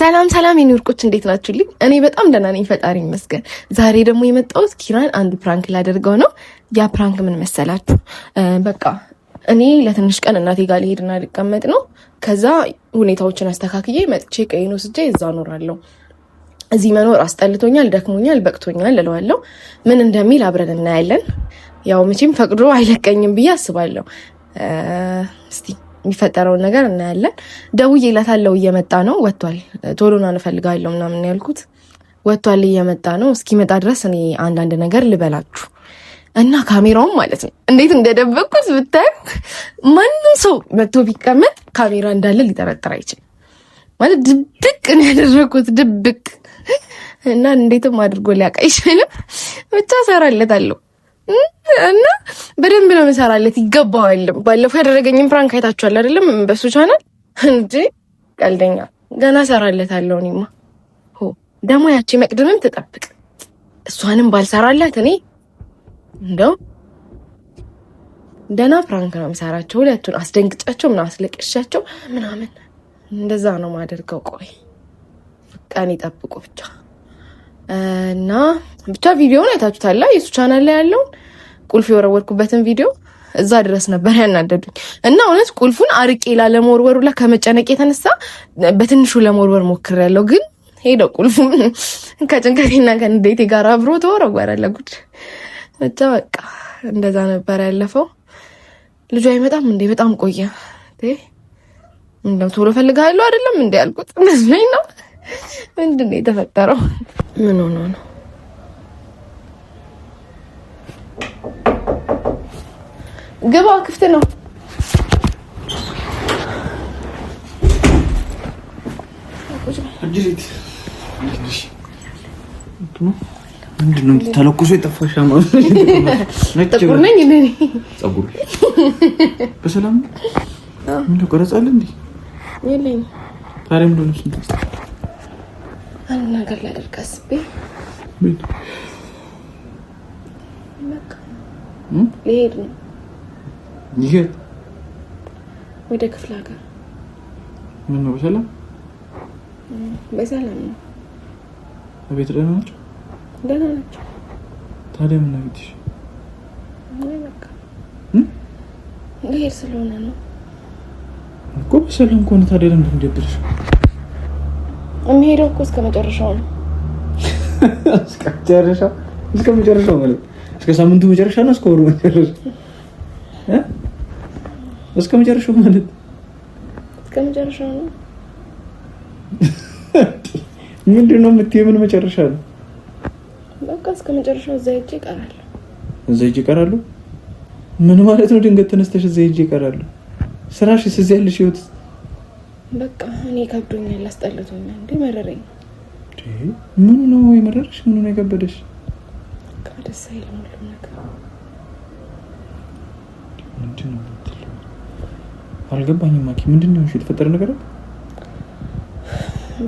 ሰላም ሰላም የኔ እንዴት ናችሁልኝ? እኔ በጣም ደህና ነኝ፣ ፈጣሪ ይመስገን። ዛሬ ደግሞ የመጣሁት ኪራን አንድ ፕራንክ ላደርገው ነው። ያ ፕራንክ ምን መሰላችሁ? በቃ እኔ ለትንሽ ቀን እናቴ ጋር ልሄድና ልቀመጥ ነው። ከዛ ሁኔታዎችን አስተካክዬ መጥቼ ቀይኖ ስጄ እዛ እኖራለሁ። እዚህ መኖር አስጠልቶኛል፣ ደክሞኛል፣ በቅቶኛል እለዋለሁ። ምን እንደሚል አብረን እናያለን። ያው መቼም ፈቅዶ አይለቀኝም ብዬ አስባለሁ። እስቲ የሚፈጠረውን ነገር እናያለን። ደውዬላታለሁ እየመጣ ነው ወጥቷል፣ ቶሎና እንፈልጋለሁ ምናምን ያልኩት ወጥቷል፣ እየመጣ ነው። እስኪመጣ ድረስ እኔ አንዳንድ ነገር ልበላችሁ እና ካሜራውን ማለት ነው እንዴት እንደደበቅኩት ብታዩ፣ ማንም ሰው መጥቶ ቢቀመጥ ካሜራ እንዳለ ሊጠረጥር አይችልም። ማለት ድብቅ ነው ያደረግኩት ድብቅ እና እንዴትም አድርጎ ሊያውቅ አይችልም። ብቻ ሰራለታለሁ እና በደንብ ነው መሰራለት ይገባዋልም። ባለፈው ያደረገኝም ፕራንክ አይታችኋል አይደለም? በሱ ቻናል እንጂ ቀልደኛ ገና ሰራለት እኔማ ሆ ደግሞ ያቺ መቅድምም ትጠብቅ። እሷንም ባልሰራላት እኔ እንደው ደህና ፕራንክ ነው የምሰራቸው። ሁለቱን አስደንግጫቸው ምናምን አስለቅሻቸው ምናምን እንደዛ ነው ማደርገው። ቆይ ፍቃን ይጠብቁ ብቻ። እና ብቻ ቪዲዮውን አይታችሁታላ የሱ ቻናል ላይ ያለውን ቁልፍ የወረወርኩበትን ቪዲዮ እዛ ድረስ ነበር ያናደዱኝ። እና እውነት ቁልፉን አርቄ ለመወርወሩ ላ ከመጨነቅ የተነሳ በትንሹ ለመወርወር ያለው ግን ሄደ ቁልፉም ከጭንቀቴና ከንዴቴ ጋር አብሮ ተወረወረ። ለጉድ ብቻ በቃ እንደዛ ነበር ያለፈው። ልጁ አይመጣም እንዴ? በጣም ቆየ። እንደው ቶሎ ፈልጋለሁ አይደለም እንዴ ያልኩት መስሎኝ ነው። ምንድን ነው የተፈጠረው? ምን ሆኖ ነው? ግባ፣ ክፍት ነው። ምንድን ነው ተለኩሶ የጠፋሽ? ጥቁር ነኝ። ጸጉር በሰላም ምን ቀረጻ እንዴ? የለኝም። ታዲያ ምንድን ነው አንድ ነገር ላደርግ አስቤ ልሄድ ነው። ይሄድ ወደ ክፍለ ሀገር። ምን ነው? በሰላም በሰላም ነው። ቤት ደህና ናቸው? ደህና ናቸው። ታዲያ ምን አግኝተሽ? ልሄድ ስለሆነ ነው እኮ። በሰላም ከሆነ ታዲያ ለምንድን ነው የሚደብርሽ? የሚሄደው እኮ እስከ መጨረሻው ነው። እስከ መጨረሻው ማለት እስከ ሳምንቱ መጨረሻ ነው፣ እስከ ወሩ መጨረሻ፣ እስከ መጨረሻው ማለት እስከ መጨረሻው ነው። ምንድን ነው የምትይው? መጨረሻ ነው? በቃ እስከ መጨረሻው እዛ ሂጅ ይቀራሉ፣ እዛ ሂጅ ይቀራሉ። ምን ማለት ነው? ድንገት ተነስተሽ እዛ ሂጅ ይቀራሉ። ስራሽ እዚህ ያለሽ ህይወት በቃ እኔ ከብዶኛል፣ አስጠልቶኛል። እንደ መረረኝ። ምኑ ነው የመረረሽ? ምኑ ነው የከበደሽ? ደስ አይልም ሁሉም ነገር። ምንድን ነው የምትለው? አልገባኝም ማኪ። ምንድን ነው የተፈጠረ ነገር?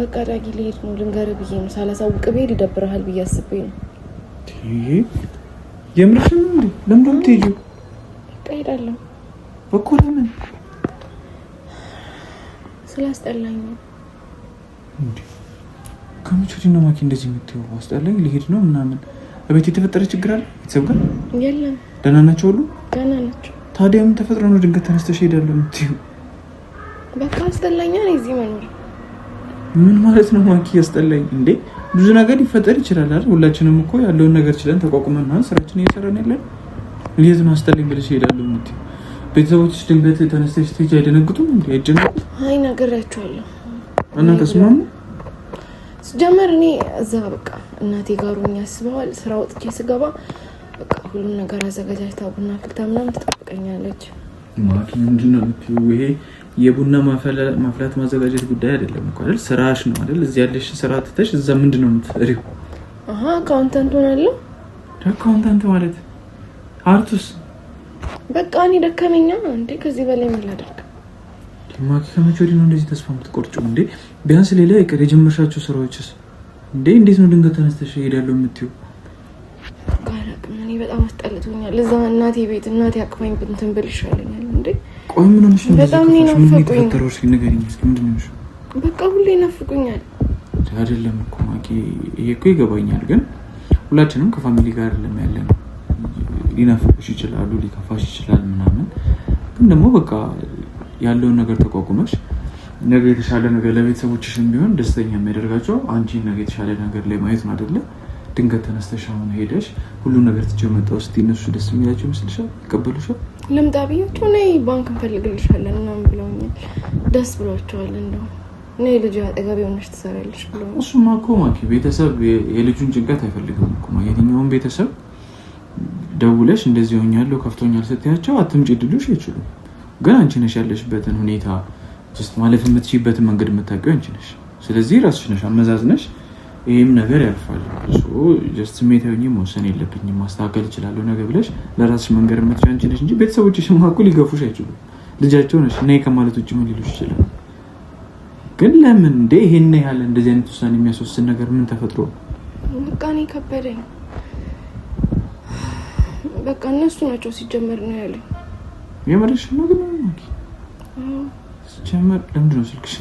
በቃ ዳጊ ሊሄድ ነው ልንገርህ ብዬ ነው። ሳላሳውቅ ብሄድ ይደብረሃል ብዬ አስቤ ነው። የምርሽን ነው እንዴ? ለምንድን ነው የምትሄጂው? በቃ እሄዳለሁ እኮ ለምን ስላስጠላኝ ነው። ከመቼ ወዲህ ነው ማኪ እንደዚህ የምትይው? አስጠላኝ፣ ሊሄድ ነው ምናምን። እቤት የተፈጠረ ችግር አለ? ቤተሰብ ጋር የለም። ደህና ናቸው ሁሉ? ደህና ናቸው። ታዲያ ምን ተፈጥሮ ነው ድንገት ተነስተሽ ሄዳለሁ የምትይው? በቃ አስጠላኛ ነው እዚህ መኖር። ምን ማለት ነው ማኪ አስጠላኝ? እንዴ ብዙ ነገር ሊፈጠር ይችላል አይደል? ሁላችንም እኮ ያለውን ነገር ችለን ተቋቁመን ስራችን እየሰራን ያለን። እንዴት ነው አስጠላኝ ብለሽ ሄዳለሁ የምትይው? ቤተሰቦችሽ ድንገት ተነስተሽ ስትሄጂ አይደነግጡም? እንዲ አይደነግጡ? አይ ነግሬያቸዋለሁ። እና ተስማሙ? ስጀመር እኔ እዛ በቃ እናቴ ጋር ሆኜ ያስበዋል። ስራ ወጥቼ ስገባ በቃ ሁሉም ነገር አዘጋጃጅታ ቡና ፍልታ ምናምን ትጠብቀኛለች። ማኪ ምንድን ነው የምትይው? ይሄ የቡና ማፍላት ማዘጋጀት ጉዳይ አይደለም እኮ አይደል? ስራሽ ነው አይደል? እዚህ ያለሽ ስራ ትተሽ እዛ ምንድን ነው የምትሰሪው? አካውንታንት ሆናለሁ። አካውንታንት ማለት አርቱስ በቃ እኔ ደከመኛ እንዴ! ከዚህ በላይ ምን ላደርግ? ማኪ ከመቼ ወዲህ ነው እንደዚህ ተስፋ የምትቆርጭው እንዴ? ቢያንስ ሌላ ይቀር የጀመርሻቸው ስራዎችስ እንዴ! እንዴት ነው ድንገት ተነስተሽ እሄዳለሁ የምትይው? እኔ በጣም አስጠልቶኛል። እዛ እናቴ ቤት እናቴ አቅፋኝ ብንትን ብል ይሻለኛል እንዴ። ቆይ ምን ሆነሽ ነው? በጣም ነው ናፈቁኝ። በቃ ሁሌ ናፍቁኛል። አይደለም እኮ ማኪ፣ ይሄ እኮ ይገባኛል፣ ግን ሁላችንም ከፋሚሊ ጋር አይደለም ያለ ነው ሊነፍቁሽ ይችላሉ፣ ሊከፋሽ ይችላል ምናምን። ግን ደግሞ በቃ ያለውን ነገር ተቋቁመሽ ነገ የተሻለ ነገር ለቤተሰቦችሽም ቢሆን ደስተኛ የሚያደርጋቸው አንቺ ነገ የተሻለ ነገር ላይ ማየት ነው አይደለ? ድንገት ተነስተሽ አሁን ሄደሽ ሁሉ ነገር ትቼ መጣሁ እስኪ እነሱ ደስ የሚላቸው ይመስልሻል? ይቀበሉሻል? ልምጣ ብያቸው ነይ ባንክ እንፈልግልሻለን ምናምን ብለውኛል። ደስ ብሏቸዋል። እንደው ነይ ልጅ አጠገብ የሆነች ትሰራለች ብለው እሱማ እኮ ማኪ ቤተሰብ የልጁን ጭንቀት አይፈልግም እኮ የትኛውም ቤተሰብ ደውለሽ እንደዚህ ሆኛለሁ ከፍቶኛል ስትያቸው አትምጪ ድሉሽ አይችሉም። ግን አንቺ ነሽ ያለሽበትን ሁኔታ ውስጥ ማለፍ የምትችይበትን መንገድ የምታውቂው አንቺ ነሽ። ስለዚህ ራስሽ ነሽ አመዛዝነሽ ይህም ነገር ያልፋል ጀስት ስሜታዊ መወሰን የለብኝም ማስተካከል እችላለሁ ነገ ብለሽ ለራስሽ መንገድ የምትችይ አንቺ ነሽ እንጂ ቤተሰቦችሽም ሊገፉሽ አይችሉም። ልጃቸው ነሽ እና ከማለት ውጭ ምን ሊሉሽ ይችላል? ግን ለምን እንደ ይሄን ያህል እንደዚህ አይነት ውሳኔ የሚያስወስን ነገር ምን ተፈጥሮ ነው? በቃ እኔ ከበደኝ። በቃ እነሱ ናቸው ሲጀመር ነው ያለኝ። የመረሽ ነው ግን ሲጀመር እንድ ነው ስልክሽ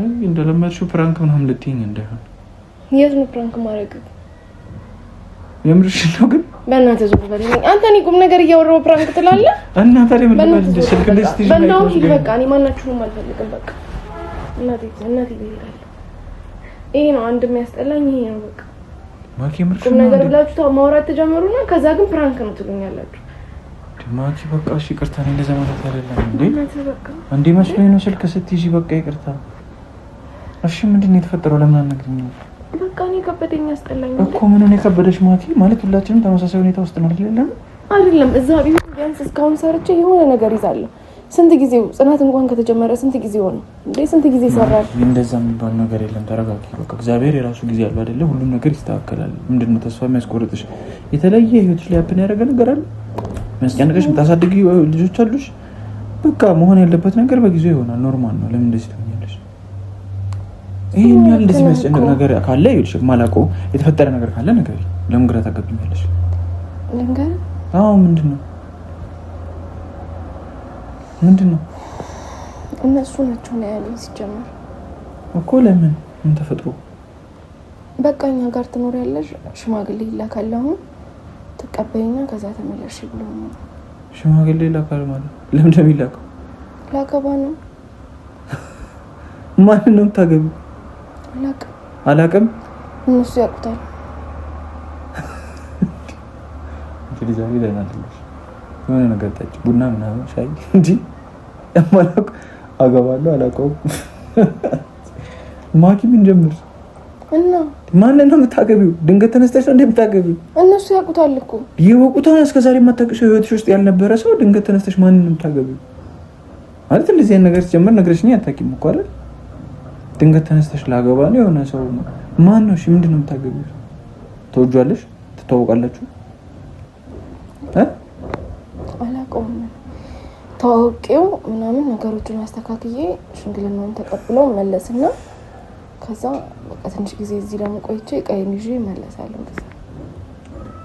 አይ እንደለመድሽው ፕራንክ ምናምን ልትይኝ እንዳይሆን። የት ነው ፕራንክ ማድረግ? የምርሽ ነው ግን በእናትህ ዞር በለኝ አንተ። እኔ ቁም ነገር እያወራሁ ፕራንክ ትላለህ እና ታዲያ ምን ማለት ነው? ስልክ እንደዚህ ትይኝ በእናትህ ሂድ። በቃ እኔ ማናችሁንም አልፈልግም። በቃ እናቴ እናቴ ይሄዳል። ይሄ ነው አንድ የሚያስጠላኝ ይሄ ነው በቃ ቁም ነገር ብላችሁ ማውራት ተጀመሩና ከዛ ግን ፕራንክ ነው ትሉኛላችሁ። ማኪ በቃ እሺ፣ ይቅርታ ነው እንደዛ ማለት አይደለም እንዴ እንዴ መስሎኝ ነው ስልክ ስትይዢ፣ በቃ ይቅርታ። እሺ፣ ምንድን ነው የተፈጠረው? ለምን አልነግሪኝም? በቃ እኔ ከበደኝ፣ አስጠላኝ እኮ። ምን ነው የከበደሽ ማኪ? ማለት ሁላችንም ተመሳሳይ ሁኔታ ውስጥ ነው አይደለም? አይደለም፣ እዛ ቢሆን ቢያንስ እስካሁን ሰርቼ የሆነ ነገር ይዛለሁ ስንት ጊዜው ጽናት እንኳን ከተጀመረ ስንት ጊዜ ሆነ እንዴ? ስንት ጊዜ ይሰራል? እንደዛ የሚባል ነገር የለም። ተረጋጊ። በቃ እግዚአብሔር የራሱ ጊዜ አለው አይደለ? ሁሉም ነገር ይስተካከላል። ምንድን ነው ተስፋ የሚያስቆርጥሽ? የተለየ ህይወትች ላይ ያፕን ያደረገ ነገር አለ? የሚያስጨንቀሽ የምታሳድግ ልጆች አሉሽ። በቃ መሆን ያለበት ነገር በጊዜው ይሆናል። ኖርማል ነው። ለምን እንደዚህ ትሆኛለሽ? ይህን ያህል እንደዚህ የሚያስጨንቅ ነገር ካለ ይኸውልሽ፣ የማላውቀው የተፈጠረ ነገር ካለ ነገር ለምን ግራ ታገብኛለሽ? ልንገር። አዎ ምንድን ነው ምንድን ነው? እነሱ ናቸው ነው ያለኝ። ሲጀመር እኮ ለምን ምን ተፈጥሮ? በቃ እኛ ጋር ትኖር ያለሽ ሽማግሌ ይላካል አሁን ተቀበይና ከዛ ተመለሽ ብሎ ነው። ሽማግሌ ይላካል ማለት ለምን ደም እንደሚላከው ላገባ ነው። ማንን ነው የምታገቢው? አላቅም አላቅም። እነሱ ያውቁታል። እንግዲህ ዛሬ የሆነ ነገር ጠጭ፣ ቡና ምናምን ሻይ እንዲ ማላቅ አገባለሁ አላውቀውም። ማኪ ምን ጀምር እና ማንን ነው የምታገቢው? ድንገት ተነስተሽ ነው እንደምታገቢው? እነሱ ያውቁታል እኮ ይወቁታል። እስከዛሬ የማታውቂው ህይወትሽ ውስጥ ያልነበረ ሰው ድንገት ተነስተሽ ማንን ነው የምታገቢው? ማለት እንደዚህ አይነት ነገር ሲጀምር ነግረሽኝ አታውቂም እኮ አይደል? ድንገት ተነስተሽ ላገባ ነው የሆነ ሰው ማን ነው? እሺ ምንድን ነው የምታገቢው? ተወጇለሽ? ትታወቃላችሁ? አላውቀውም። ታዋቂው ምናምን ነገሮችን አስተካክዬ ሽምግልናውን ተቀብለው መለስና ከዛ በቃ ትንሽ ጊዜ እዚህ ደግሞ ቆይቼ ቀይን ይዤ እመለሳለሁ።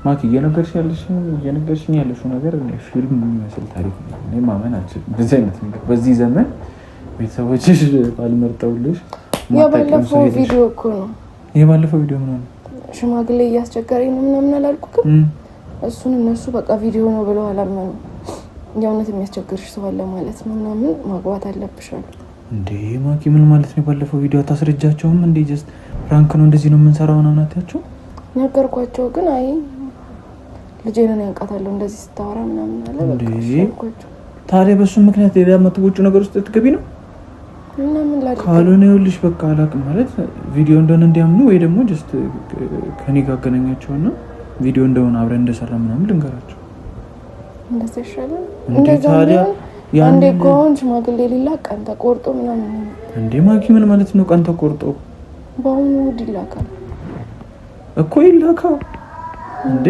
ማኪ እየነገርሽ ያለሽ እየነገርሽኝ ያለሽው ነገር ፊልም የሚመስል ታሪክ ነው። እኔ ማመን አልችልም። በዚህ አይነት ነገር በዚህ ዘመን ቤተሰቦችሽ ባልመርጠውልሽ። የባለፈው ቪዲዮ እኮ ነው። የባለፈው ቪዲዮ ምናምን ሽማግሌ እያስቸገረኝ ነው ምናምን አላልኩክም እሱን እነሱ በቃ ቪዲዮ ነው ብለው አላመኑ። የእውነት የሚያስቸግርሽ ሰው አለ ማለት ነው ምናምን ማግባት አለብሻል እንዴ ማኪ፣ ምን ማለት ነው? ባለፈው ቪዲዮ አታስረጃቸውም እንዴ? ጀስት ፍራንክ ነው እንደዚህ ነው የምንሰራው ምናምን አትያቸው ነገርኳቸው። ግን አይ ልጄንን ያውቃታለሁ እንደዚህ ስታወራ ምናምን አለ። ታዲያ በሱ ምክንያት ሌላ መትቦጩ ነገር ውስጥ ትገቢ ነው ካልሆነ ይኸውልሽ፣ በቃ አላቅም ማለት ቪዲዮ እንደሆነ እንዲያምኑ ወይ ደግሞ ጀስት ከኔ ጋር አገናኛቸውና ቪዲዮ እንደሆነ አብረን እንደሰራ ምናምን ልንገራቸው። እንደዚህ አንዴ እኮ አሁን ሽማግሌ ሊላክ ቀን ተቆርጦ ምናምን እንዴ ማኪ፣ ምን ማለት ነው? ቀን ተቆርጦ በአሁኑ ውድ ይላካል እኮ ይላካ እንዴ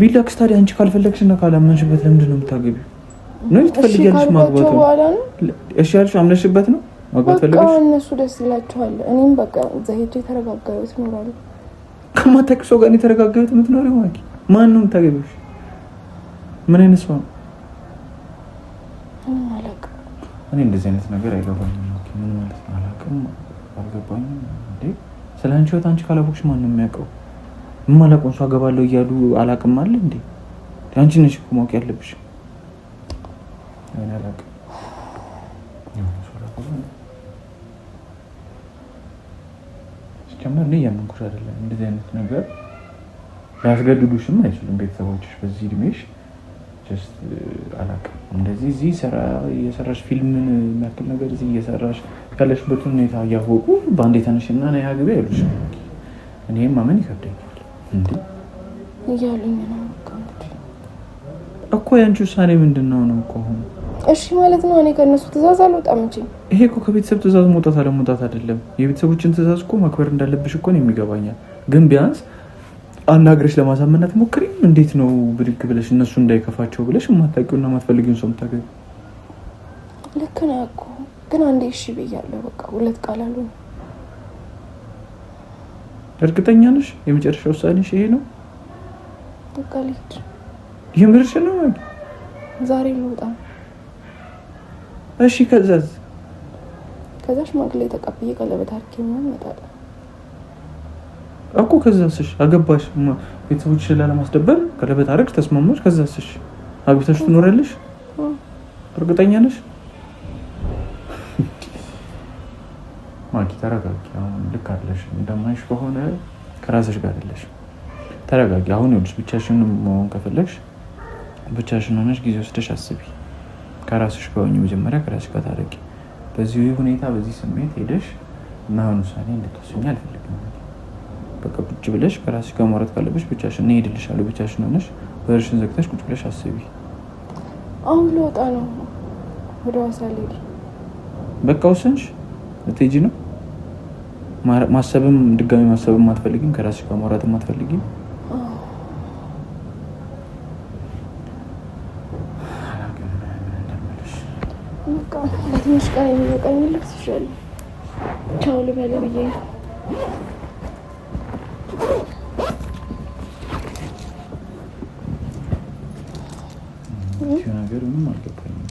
ቢላክስ ታዲያ አንቺ ካልፈለግሽ ካልፈለግሽና ካላመንሽበት ለምንድን ነው የምታገቢው? ነው ትፈልጊያለሽ? ማግባት ነው እሺ ያልሽ አምነሽበት ነው ማግባት ፈለግሽ። እነሱ ደስ ይላቸዋል። እኔም በቃ እዛ ሄጄ የተረጋጋ እኖራለሁ። ከማታውቂው ሰው ጋር የተረጋጋሁት የምትኖሪው ማን ማን ነው የምታገቢው? ምን አይነት ሰው ነው? እኔ እንደዚህ አይነት ነገር አይገባኝም። ምን ማለት ነው አላውቅም፣ አልገባኝም። ስለ አንቺ ህይወት አንቺ ካላቦቅሽ ማን ነው የሚያውቀው? የማላውቀውን ሰው አገባለሁ እያሉ አላውቅም አለ እንዴ? አንቺ ነሽ እኮ ማወቅ ያለብሽ። አላውቅም ሲጀመር እኔ እያመንኩሽ አይደለም። እንደዚህ አይነት ነገር ሊያስገድዱሽም አይችሉም ቤተሰቦችሽ በዚህ እድሜሽ uh, አላውቅም። እንደዚህ እዚህ እየሰራሽ ፊልምን የሚያክል ነገር እዚህ እየሰራሽ ያለሽበትን ሁኔታ እያወቁ በአንድ የተነሽና ና ያግቢ አይሉሽ። እኔም ማመን ይከብደኛል። እንዲ እያሉኝ ነው እኮ። ያንቺ ውሳኔ ምንድን ነው ነው እኮ አሁን እሺ ማለት ነው። እኔ ከእነሱ ትእዛዝ አልወጣም እንጂ ይሄ እኮ ከቤተሰብ ትእዛዝ መውጣት አለመውጣት አይደለም። የቤተሰቦችን ትእዛዝ እኮ ማክበር እንዳለብሽ እኮ ነው የሚገባኛል። ግን ቢያንስ አናግረሽ ለማሳመናት ሞክሪም። እንዴት ነው ብድግ ብለሽ እነሱ እንዳይከፋቸው ብለሽ የማታውቂውና የማትፈልጊውን ሰው የምታገቢው? ልክ ነው እኮ ግን አንዴ እሺ ብያለሁ። በቃ ሁለት ቃል አሉ። እርግጠኛ ነሽ? የመጨረሻ ውሳኔሽ ይሄ ነው? በቃ ልሂድ። የምርሽ ነው? ዛሬ ልወጣ እሺ ከዛዝ ከዛ ሽማግሌ ተቀብዬ ቀለበት አድርጌ ምናምን እመጣለሁ እኮ ከዛስሽ አገባሽ ቤተሰቦች ላለማስደበር ቀለበት አድርግ ተስማማሽ ከዛስሽ አግብተሽ ትኖሪያለሽ እርግጠኛ ነሽ ማኪ ተረጋጊ አሁን ልክ አለሽ እንደማይሽ ከሆነ ከራስሽ ጋር አለሽ ተረጋጊ አሁን ይኸውልሽ ብቻሽን መሆን ከፈለግሽ ብቻሽን ሆነሽ ጊዜ ወስደሽ አስቢ ከራስሽ ከሆኝ መጀመሪያ ከራስሽ ጋር ታረቂ። በዚህ ሁኔታ በዚህ ስሜት ሄደሽ ምናምን ውሳኔ እንድትወስኝ አልፈልግም። በቃ ቁጭ ብለሽ ከራስሽ ጋር ማውራት ካለብሽ ብቻሽን እኔ ሄድልሻለሁ። ብቻሽን ሆነሽ በርሽን ዘግተሽ ቁጭ ብለሽ አስቢ። አሁን ለወጣ ነው ወደ ዋሳ ልሄድ። በቃ ውስንሽ ልትሄጂ ነው? ማሰብም ድጋሚ ማሰብም አትፈልጊም? ከራስሽ ጋር ማውራትም አትፈልጊም? ትንሽ ቀን የሚበቃኝ ልብስ ይሻል። ቻው ልበል ብዬ ነገር ምንም አልገባኝም።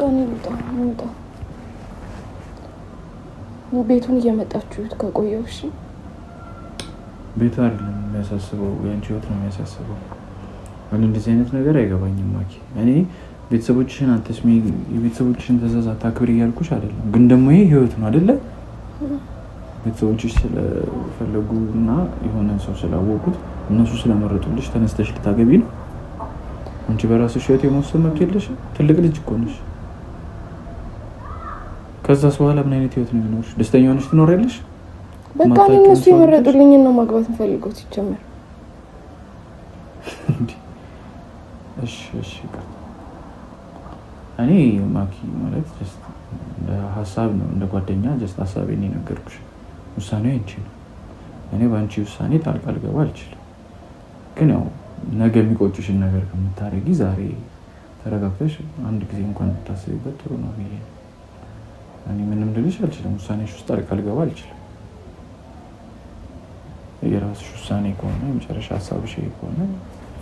ቀን ይምጣ ቤቱን እየመጣችሁት ከቆየው እሺ። ቤቱ አይደለም የሚያሳስበው፣ የአንቺ ህይወት ነው የሚያሳስበው። እኔ እንደዚህ አይነት ነገር አይገባኝም። ማኪ እኔ ቤተሰቦችሽን አትስሚ፣ የቤተሰቦችሽን ትዕዛዝ አታክብር እያልኩሽ አይደለም። ግን ደግሞ ይሄ ህይወት ነው አይደለ? ቤተሰቦችሽ ስለፈለጉ እና የሆነ ሰው ስላወቁት እነሱ ስለመረጡልሽ ተነስተሽ ልታገቢ ነው። አንቺ በራስሽ ህይወት የመወሰን መብት የለሽም። ትልቅ ልጅ እኮ ነሽ። ከዛስ በኋላ ምን አይነት ህይወት ነው የሚኖርሽ? ደስተኛ ሆነሽ ትኖሪያለሽ? በቃ እነሱ የመረጡልኝን ነው ማግባት እንፈልገው ሲጀመር እኔ ማኪ ማለት እንደ ሀሳብ ነው፣ እንደ ጓደኛ ጀስት ሀሳብ የነገርኩሽ። ውሳኔው ያንቺ ነው። እኔ በአንቺ ውሳኔ ጣልቃ ልገባ አልችልም። ግን ያው ነገ የሚቆጩሽን ነገር ከምታደርጊ ዛሬ ተረጋግተሽ አንድ ጊዜ እንኳን ብታስቢበት ጥሩ ነው ብዬ እኔ ምንም ልልሽ አልችልም። ውሳኔሽ ውስጥ ጣልቃ ልገባ አልችልም። የራስሽ ውሳኔ ከሆነ የመጨረሻ ሀሳብሽ ከሆነ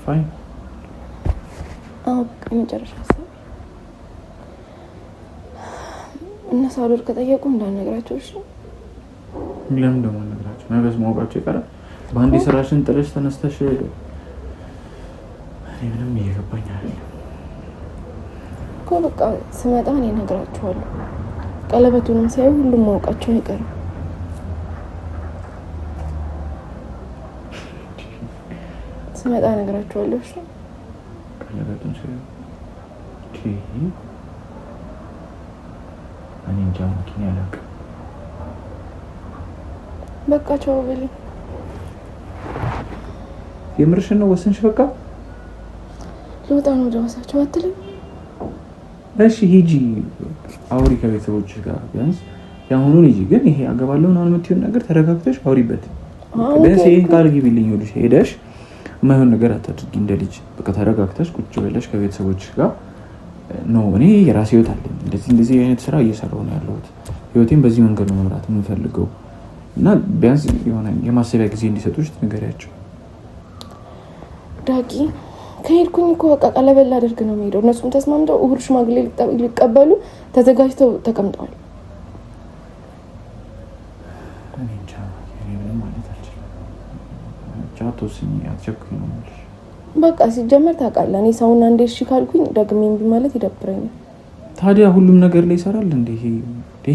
ፋይን አዎ በቃ የመጨረሻ ሀሳብ እነሱ አዶር ከጠየቁ እንዳነግራቸው እሺ። ለምን ደግሞ ነግራቸው ነገስ ማውቃቸው ይቀራል። በአንዴ ስራሽን ጥለሽ ተነስተሽ ሄደ። እኔ ምንም እየገባኝ አለ እኮ በቃ ስመጣ እኔ እነግራቸዋለሁ። ቀለበቱንም ሳይ ሁሉም ማውቃቸው አይቀርም። ስመጣ እነግራቸዋለሁ እሺ ነገርቱን እኔ እንጃ መኪና አላውቅም። በቃ ቻው በለኝ። የምርሽን ነው? ወሰንሽ? በቃ ልወጣ ነው። ወደ አትልም? እሺ ሂጂ፣ አውሪ ከቤተሰቦች ጋር ቢያንስ የአሁኑን ሂጂ። ግን ይሄ አገባለሁ ምናምን የምትይውን ነገር ተረጋግተሽ አውሪበት። ቢያንስ ይህን ቃል ግቢልኝ ሄደሽ የማይሆን ነገር አታድርጊ። እንደ ልጅ በቃ ተረጋግተሽ ቁጭ ብለሽ ከቤተሰቦች ጋር ነው። እኔ የራሴ ህይወት አለኝ፣ እንደዚህ እንደዚህ አይነት ስራ እየሰራሁ ነው ያለሁት፣ ህይወቴን በዚህ መንገድ ነው መምራት የምፈልገው እና ቢያንስ የሆነ የማሰቢያ ጊዜ እንዲሰጡሽ ንገሪያቸው። ዳቂ ከሄድኩኝ እኮ በቃ ቀለበል አደርግ ነው የሚሄደው። እነሱም ተስማምተው እሑድ ሽማግሌ ሊቀበሉ ተዘጋጅተው ተቀምጠዋል። አትወስኝ አትቸኩኝ ነው የምልሽ። በቃ ሲጀመር ታውቃለህ፣ እኔ ሰውን አንዴ እሺ ካልኩኝ ደግሜ እምቢ ማለት ይደብረኛል። ታዲያ ሁሉም ነገር ላይ ይሰራል እንደ ይሄ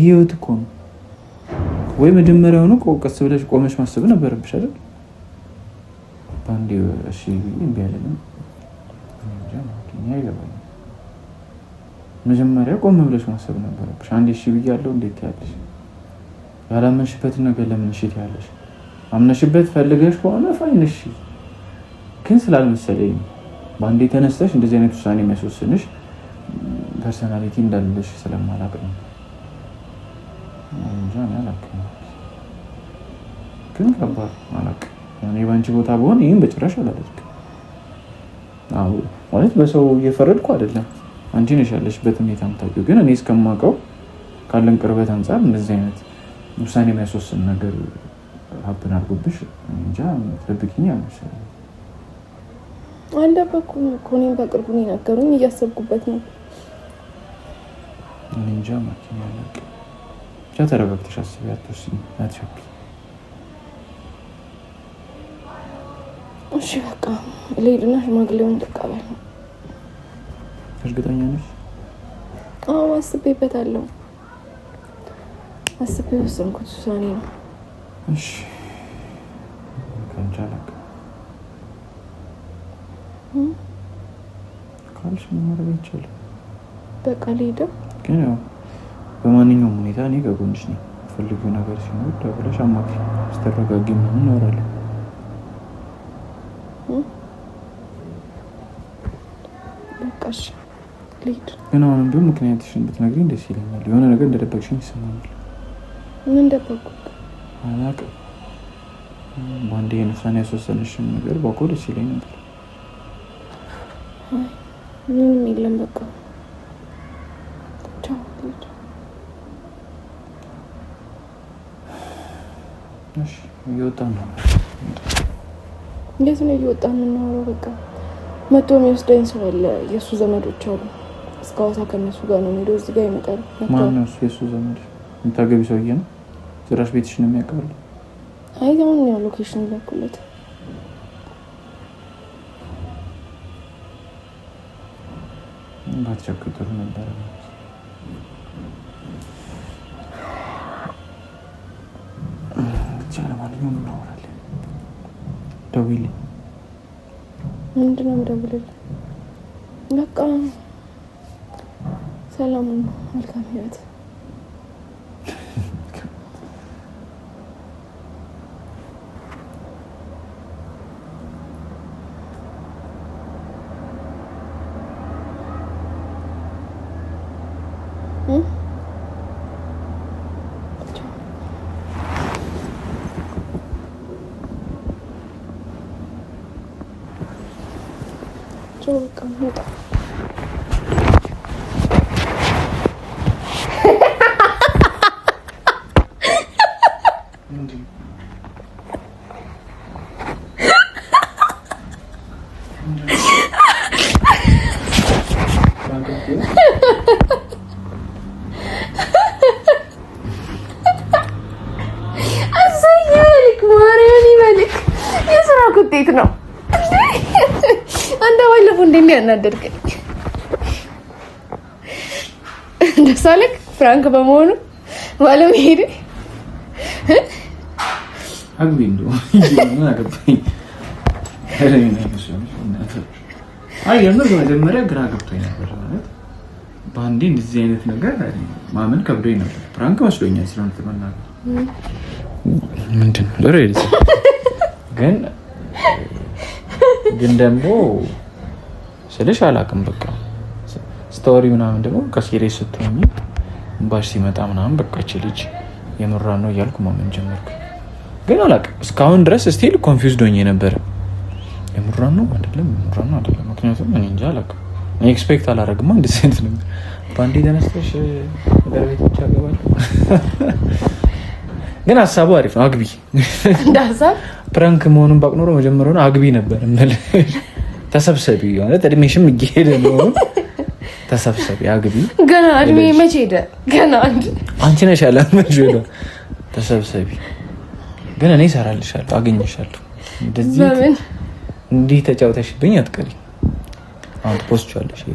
ህይወት እኮ ነው። ወይ መጀመሪያውኑ ቀስ ብለሽ ቆመሽ ማሰብ ነበረብሽ አይደል? በአንዴ እሺ እምቢ አለኝ መጀመሪያ ቆም ብለሽ ማሰብ ነበረብሽ። አንዴ እሺ ብያለሁ እንዴት ያለሽ ያላመንሽበትን ነገር ለምን እሺ ትያለሽ? አምነሽበት ፈልገሽ ከሆነ ፋይንሽ ግን ስላልመሰለኝ በአንዴ ተነስተሽ እንደዚህ አይነት ውሳኔ የሚያስወስንሽ ፐርሰናሊቲ እንዳለሽ ስለማላቅ ነው። ግን ከባድ አላቅ እኔ በአንቺ ቦታ በሆን ይህም በጭራሽ አላደርግም። ማለት በሰው እየፈረድኩ አይደለም። አንቺ ነሽ ያለሽበት ሁኔታ የምታውቂው። ግን እኔ እስከማውቀው ካለን ቅርበት አንጻር እንደዚህ አይነት ውሳኔ የሚያስወስን ነገር ሀብን አድርጎብሽ እንጃ ትደብቅኝ አለሽ። አልደበኩም እኮ እኔም በቅርቡ ነው የነገሩኝ። እያሰብኩበት ነው። እኔ እንጃ ማኪን ያለቅ ብቻ ተረጋግተሽ አስቢ። አትወስኝ፣ አትሸቢ። እሺ በቃ ልሄድና ሽማግሌውን ልቀበል። እርግጠኛ ነሽ? አዎ አስቤበታለሁ። አስቤ ወሰንኩት ውሳኔ ነው። እሺ ካልሽ በቃ ግን ያው በማንኛውም ሁኔታ እኔ ከጎንሽ ነኝ። ፈልጊው ነገር ሲኖር ደውለሽ አማክሪ። እናወራለን። በቃ እሺ ግን አሁንም ቢሆን ምክንያትሽን ብትነግሪኝ ደስ ይለኛል። የሆነ ነገር እንደደበቅሽኝ ይሰማኛል። ምን ደበቁ? አላውቅም። በአንዴ ውሳኔ ያስወሰንሽን ነገር ባውቀው ደስ ይለኝ ነበር። ምንም የለም በቃ እየወጣን ነው። እንዴት ነው እየወጣን የምናወራው? በቃ መቶ የሚወስደኝ ሰው አለ። የእሱ ዘመዶች አሉ። እስከ ሐዋሳ ከእነሱ ጋር ነው የምሄደው። እዚህ ጋር ይመጣል። ማነው እሱ? የእሱ ዘመድ የምታገቢ ሰውዬ ነው ጭራሽ ቤትሽ ነው የሚያውቀው። አይ አሁን ያው ሎኬሽን ይላኩለት። ባትቸኩል ጥሩ ነበረ። 就刚那个。እንደሚያናደድገኝ ደሳለክ ፍራንክ በመሆኑ ባለመሄድ መጀመሪያ ግራ ገብቶኝ ነበር። ማለት በአንዴ እንደዚህ አይነት ነገር ማመን ከብዶኝ ነበር። ፍራንክ መስሎኛል ስለሆነ መናገር ምንድን ነው ግን ግን ደግሞ ስልሽ አላቅም። በቃ ስቶሪ ምናምን ደግሞ ከሲሪየስ ስትሆኝ ባሽ ሲመጣ ምናምን በቃ ይቺ ልጅ የምራ ነው እያልኩ ማመን ጀመርኩ። ግን አላውቅም እስካሁን ድረስ ስቲል ኮንፊውዝድ ሆኜ ነበረ። የምራ ነው አይደለም፣ የምራ ነው አይደለም። ምክንያቱም እኔ እንጃ አላውቅም። እኔ ኤክስፔክት አላደርግማ እንደ ሴት ነው በአንዴ ተነስተሽ ነገር ቤት ብቻ ገባል። ግን ሀሳቡ አሪፍ ነው። አግቢ እንደ ሀሳብ ፕራንክ መሆኑን ባቅ ኖሮ መጀመሪያውን አግቢ ነበር ምል ተሰብሰቢ የሆነ እድሜሽም እየሄደ ነው። ተሰብሰቢ አግቢ። ገና እድሜ መቼ ሄደ? ገና አንቺ ነሽ ያለ መቼ ሄደ? ተሰብሰቢ ግን እኔ እሰራልሻለሁ፣ አገኘሻለሁ። እንዲህ ተጫውተሽብኝ አትቀሪ። አሁን ትፖስቻለሽ። ይ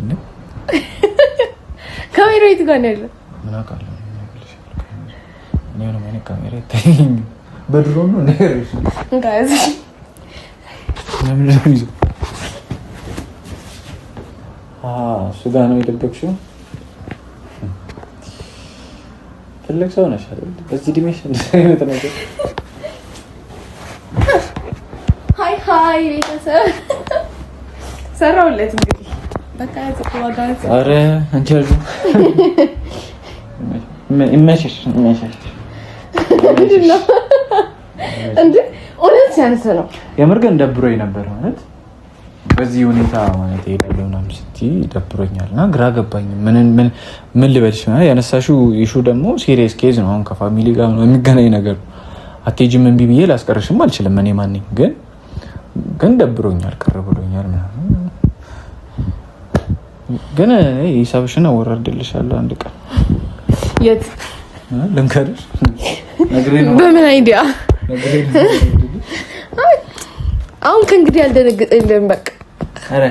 ካሜራ የት ጋር ነው ያለው? ምን አውቃለሁ። እኔ ምንም ካሜራ ይታየኝ በድሮም ነው ነገር እሱ ጋር ነው የደበቅሽው። ትልቅ ሰው ነሽ አይደል? በዚህ እድሜሽ አይነት ነገር ሀይ ሀይ ቤተሰብ ሰራውለት እንግዲህ በቃ ኧረ አንቺ ያሉ ይመችሽ ይመችሽ። ምንድን ነው እንደ እውነት ሲያንስ ነው የምር ግን ደብሮኝ ነበር ማለት በዚህ ሁኔታ ማለት ይላለ ምናምን ስትይ ደብሮኛል እና ግራ ገባኝ። ምን ልበልሽ? ያነሳሽው ኢሹ ደግሞ ሲሪየስ ኬዝ ነው። አሁን ከፋሚሊ ጋር ነው የሚገናኝ ነገር ነው። አትሄጂም እምቢ ብዬ ላስቀርሽም አልችልም። እኔ ማንኝ ግን ግን ደብሮኛል፣ ቅር ብሎኛል ምናምን ግን ሂሳብሽን አወራርድልሻለሁ አንድ ቀን። የት ልንከርሽ? በምን አይዲያ አሁን ከእንግዲህ አልደነግጠ የለም በቃ ኧረ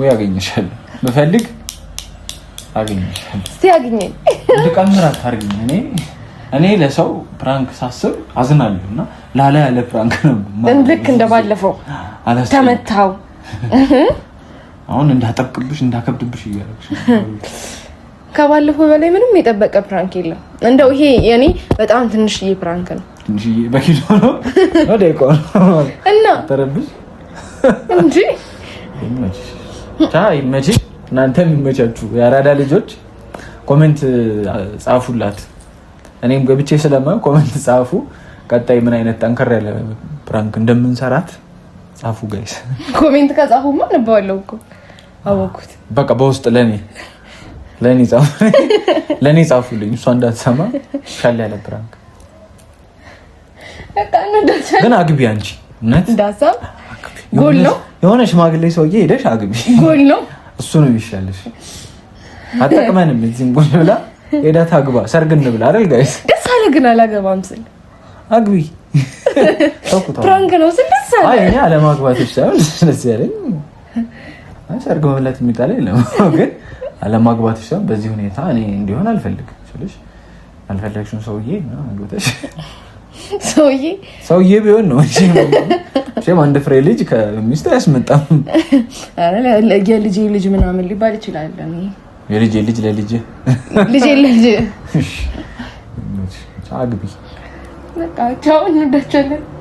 ወይ አገኘሻለሁ፣ ብፈልግ አገኘሻለሁ። እኔ እኔ ለሰው ፕራንክ ሳስብ አዝናለሁ እና ላላ ያለ ፕራንክ ነው። ልክ እንደባለፈው ተመታው። አሁን እንዳጠብቅብሽ እንዳከብድብሽ እያለች ከባለፈው በላይ ምንም የጠበቀ ፕራንክ የለም። እንደው ይሄ የኔ በጣም ትንሽዬ ፕራንክ ነው። ትንሽዬ በኪሎ ነው እና ተረብሽ እንጂ ይመች እናንተ የሚመቻችሁ የአራዳ ልጆች ኮሜንት ጻፉላት። እኔም ገብቼ ስለማ ኮሜንት ጻፉ። ቀጣይ ምን አይነት ጠንከር ያለ ፕራንክ እንደምንሰራት ጻፉ ጋይስ። ኮሜንት ከጻፉማ ነበዋለው እኮ አወኩት። በቃ በውስጥ ለእኔ ለእኔ ጻፉልኝ፣ እሷ እንዳትሰማ ሻል ያለ ፕራንክ ግን አግቢ አንቺ እውነት ጎል ነው። የሆነ ሽማግሌ ሰውዬ ሄደሽ አግቢ፣ ጎል ነው እሱ ነው ይሻለሽ። አጠቅመንም እዚህም ጎል ብላ ሄዳ ታግባ፣ ሰርግ እንብላ አይደል ጋይስ። ደስ አለ ግን አላገባም ስል አግቢ ፕራንክ ነው ስል ደስ አለ። እኔ ደስ ያለኝ ሰርግ መብላት የሚጣለ የለም ግን አለማግባት ሳይሆን በዚህ ሁኔታ እኔ እንዲሆን አልፈልግ ስልሽ አልፈለግሽም ሰውዬ አግብተሽ ሰውዬ ሰውዬ ቢሆን ነው እንጂ መቼም አንድ ፍሬ ልጅ ከሚስት አያስመጣም። የልጅ ልጅ ምናምን ሊባል ይችላል። የልጅ ልጅ ለልጅ ልጅ ለልጅ አግቢ። በቃ ቻው፣ እንወዳቸዋለን።